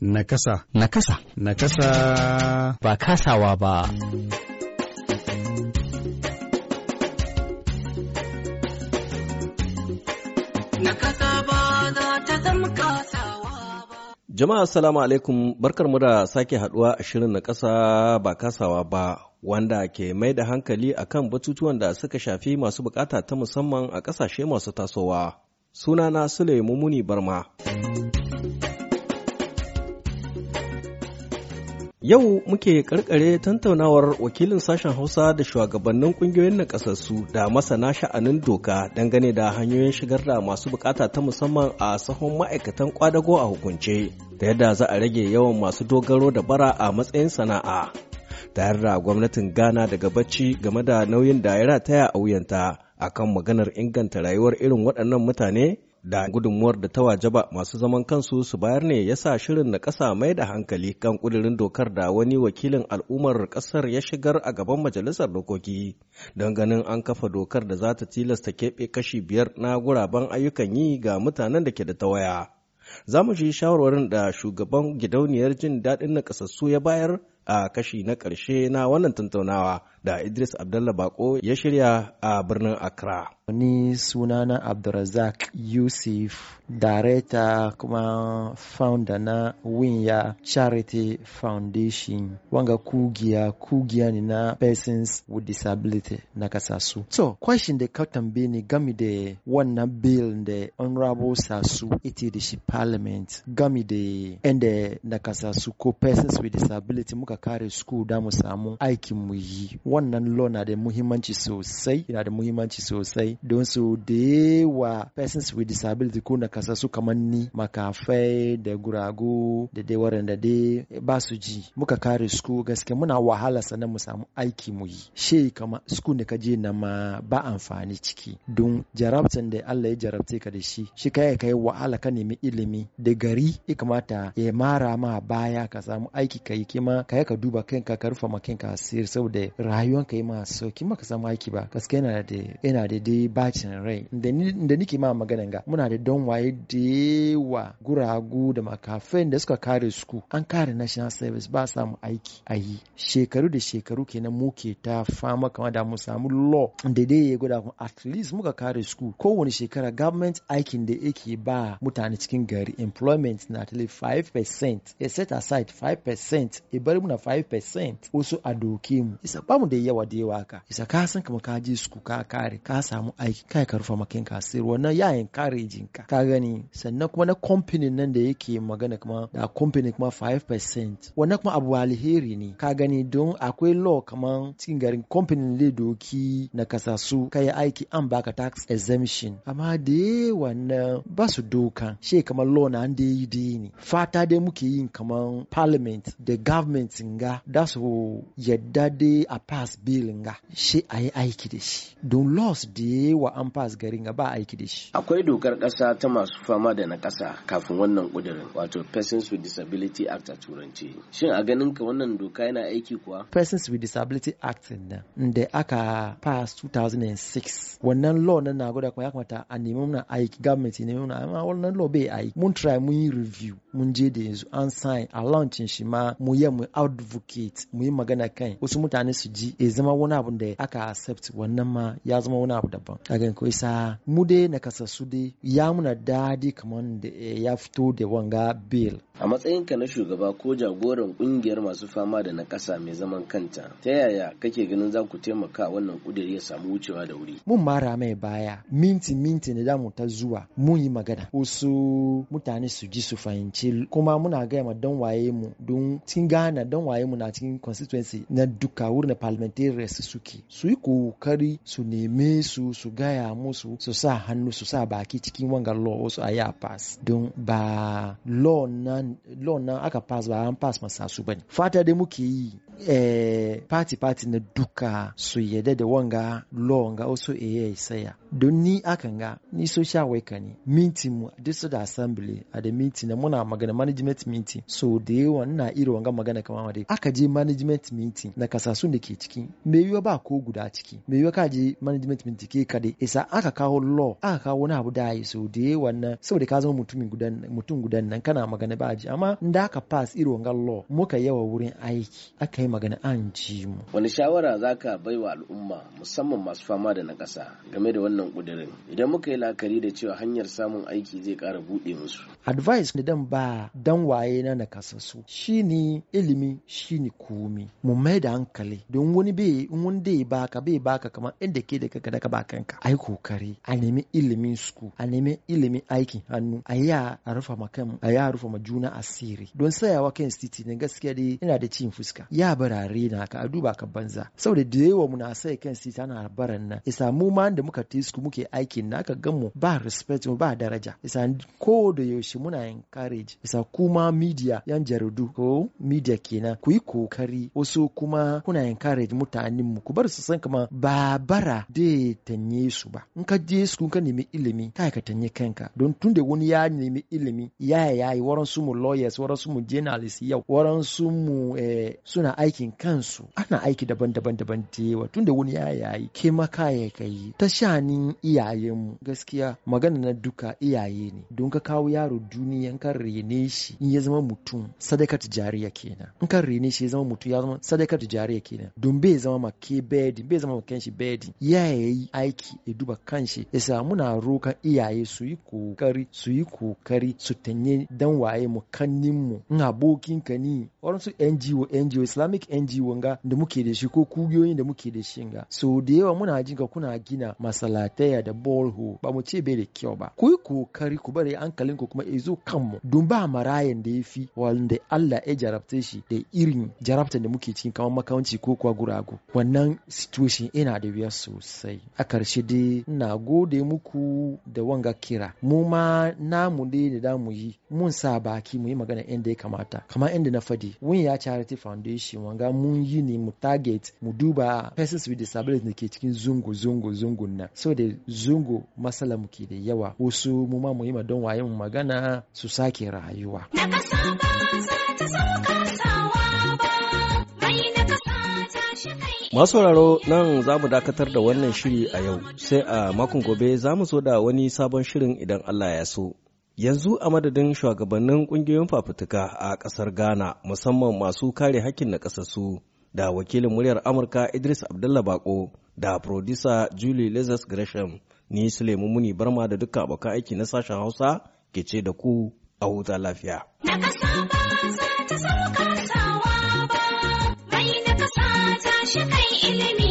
Nakasa. Nakasa. Nakasa. Ba kasawa ba. ba ba. ta zama kasawa Jama'a salamu alaikum barkar da sake haduwa a shirin na kasa ba kasawa ba wanda ke mai da hankali akan batutuwan da suka shafi masu bukata ta musamman a kasashe masu tasowa. Sunana Sule Mumuni Barma. Yau muke karkare tantaunawar wakilin sashen Hausa da shugabannin kungiyoyin nakasassu da masana sha'anin doka dangane da hanyoyin shigar da masu bukata ta musamman a sahun ma'aikatan kwadago a hukunce, da yadda za a rage yawan masu dogaro da bara a matsayin sana'a. Tayar da gwamnatin Ghana daga bacci game da nauyin da ya rataya a wuyanta akan maganar inganta rayuwar irin waɗannan mutane da gudunmuwar da ta wajaba masu zaman kansu su bayar ne ya sa shirin na ƙasa mai da hankali kan ƙudurin dokar da wani wakilin al'ummar ƙasar ya shigar a gaban majalisar dokoki don ganin an kafa dokar da za ta tilasta keɓe kashi biyar na guraben ayyukan yi ga mutanen da ke da tawaya. Za mu ji shawarwarin da shugaban gidauniyar jin daɗin na ya bayar a kashi na ƙarshe na wannan tattaunawa da Idris Abdullah Bako ya shirya a birnin Accra. Ni sunana Abdulrazak Yusuf, Dareta kuma founder na Winya Charity Foundation. Wanga kugiya, kugiya ne na Persons with Disability na kasasu. So, question da ka tambaye ni da wannan bill da Honorable Sasu ita da shi Parliament gami da inda na kasasu ko Persons with Disability muka kare school da mu samu aikin mu yi. wannan law na da muhimmanci sosai yana da muhimmanci sosai don su da yawa persons with disability ko su kamar ni makafai da guragu da dai da dai ba su ji muka kare su gaske muna wahala sannan mu samu aiki mu yi she kama su ne ka je na ma ba amfani ciki don jarabtan da Allah ya jarabte ka da shi shi kai kai wahala ka nemi ilimi da gari ya kamata ya mara ma baya ka samu aiki kai kima kai ka duba kanka ka rufa ma sir saboda rayuwanka yi ma sauki maka samu aiki ba gaske yana da yana da dai bacin rai da nike ma maganan ga muna da don waye da yawa guragu da makafai da suka kare suku an kare national service ba samu aiki a yi shekaru da shekaru kenan muke ta fama kama da mu samu law da dai ya gwada kuma at least muka kare suku kowane shekara government aikin da yake ba mutane cikin gari employment na tali 5% ya set aside 5% ya bari muna 5% wasu a doke mu isa ba mu da ya yawa da yawa ka isa ka san kamar ka je su ka kare ka samu aiki kai ka rufa makin ka sai wannan yayin kare jinka ka gani sannan kuma na company nan da yake magana kuma da company kuma 5% wannan kuma abu alheri ne ka gani don akwai law kamar cikin garin company ne doki na kasa su kai aiki an baka tax exemption amma da yawa na ba su doka she kamar law na an da yi da ne fata dai muke yin kamar parliament da government nga da su yadda dai a pass bill ga shi a yi aiki da shi don loss da ya yi wa an pass garin ga ba aiki da shi akwai dokar kasa ta masu fama da na kasa kafin wannan kudirin wato persons with disability act a turanci shin a ganin ka wannan doka yana aiki kuwa persons with disability act na da aka pass 2006 wannan law na nagoda kuma ya kamata a nemi muna aiki government ne muna amma wannan law bai aiki mun try mun yi review mun je da yanzu an sign a launching shi ma mu yi mu advocate mu yi magana kai wasu mutane su ji ya zama wani abu da aka accept wannan ma ya zama wani abu daban A' gan ko isa mu dai na kasassu dai ya muna dadi kamar da eh, ya fito da wanga bill a matsayin ka na shugaba ko jagoran kungiyar masu fama da na kasa mai zaman kanta ta yaya kake ganin za ku taimaka wannan kudiri ya samu wucewa da wuri mun mara mai baya minti minti da damu ta zuwa mun yi magana wasu mutane su ji su fahimci kuma muna gaya ma don waye mu don tin gana don waye mu na cikin constituency na duka wurin parliamentarians suke su yi kokari su neme su su gaya musu su sa hannu su sa baki cikin wanga law wasu a pass don ba law nan aka pass ba an pass masa su bane fata dai muke yi eh, party party na duka su yadda da wanga law ga wasu eh, saya don ni akan ga ni social worker ne minti mu da assembly a da minti na muna magana management minti so da yawa ina iri wanga magana kamar dai aka je management minti na kasasun da ke ciki me yiwa ba ko guda ciki me yiwa ka je management minti ke kade isa aka kawo law aka kawo wani abu da yi so da yawa na saboda ka zama mutumin gudan mutum gudan nan kana magana ba ji amma in da aka pass iri wanga law muka yawa wurin aiki aka yi magana an ji mu wani shawara zaka baiwa al'umma musamman masu fama da na kasa game da wannan wannan kudirin idan muka yi la'akari da cewa hanyar samun aiki zai kara buɗe musu. advice da dan ba dan waye na nakasassu ne ilimi ne komi mu mai da hankali don wani bai in wani baka bai baka kamar inda ke da kaka daga bakanka ai kokari a nemi ilimin su a nemi ilimin aikin hannu a ya a rufa ma kan a ya rufa ma juna asiri don sayawa kan titi ne gaskiya dai ina da cin fuska ya barare na ka a duba ka banza saboda da yawa muna sai kan titi ana baran nan ya samu ma da muka tisu ofis muke aikin na ka ganmu ba respect mu ba daraja isa ko da yaushe muna encourage isa kuma media yan jaridu ko media kenan ku yi kokari wasu kuma kuna encourage mutanen mu ku bar su san kama ba bara da tanye su ba in ka je su ka nemi ilimi kai ka tanye kanka don tunda wani ya nemi ilimi ya yayi waran su mu lawyers waran su mu journalists yau waran su mu eh, suna aikin kansu ana aiki daban-daban daban tewa tunda wani ya yayi ke ma ya kai ta shani cikin iyayenmu gaskiya magana na duka iyaye ne don ka kawo yaro duniya kan rene shi in ya zama mutum sadaka jariya kenan in kan rene shi ya zama mutum ya zama sadaka jariya kenan don bai zama ma ke bedi bai zama ma kanshi bedi ya yayi aiki ya duba kanshi ya samu na rokan iyaye su yi kokari su yi kokari su tanye dan waye mu kannin mu in abokin ka ni waɗansu NGO NGO Islamic NGO nga da muke da shi ko kugiyoyin da muke da shi nga so da yawa muna jin ka kuna gina masala. rataya da bolho ba mu ce bai da kyau ba ku yi kokari ku bari hankalinku kuma ya kanmu don ba marayan da ya fi wanda Allah ya jarabta shi da irin jarabtan da muke cikin kamar makawanci ko kuwa guragu wannan situation ina da wuya sosai a karshe dai na gode muku da wanga kira mu ma namu ne da mu yi mun sa baki mu yi magana inda ya kamata kamar inda na fadi wun ya charity foundation wanga mun yi ne mu target mu duba persons with disabilities da ke cikin zungu zungu zungun nan so da zungu masala muke da yawa wasu mu ma mu yi ma don waye mu magana su sake rayuwa. masu sauraro nan za mu dakatar da wannan shiri a yau sai a makon gobe za mu zo da wani sabon shirin idan Allah ya so. Yanzu a madadin shugabannin kungiyoyin fafutuka a ƙasar Ghana musamman masu kare hakkin na ƙasasu. da wakilin muryar Amurka Idris Abdullah Bako da producer Julie Lazarus Gresham ni Suleiman Muni Barma da dukkan abokan aiki na sashen Hausa ke ce da ku a huta lafiya. Na ba ta ilimi.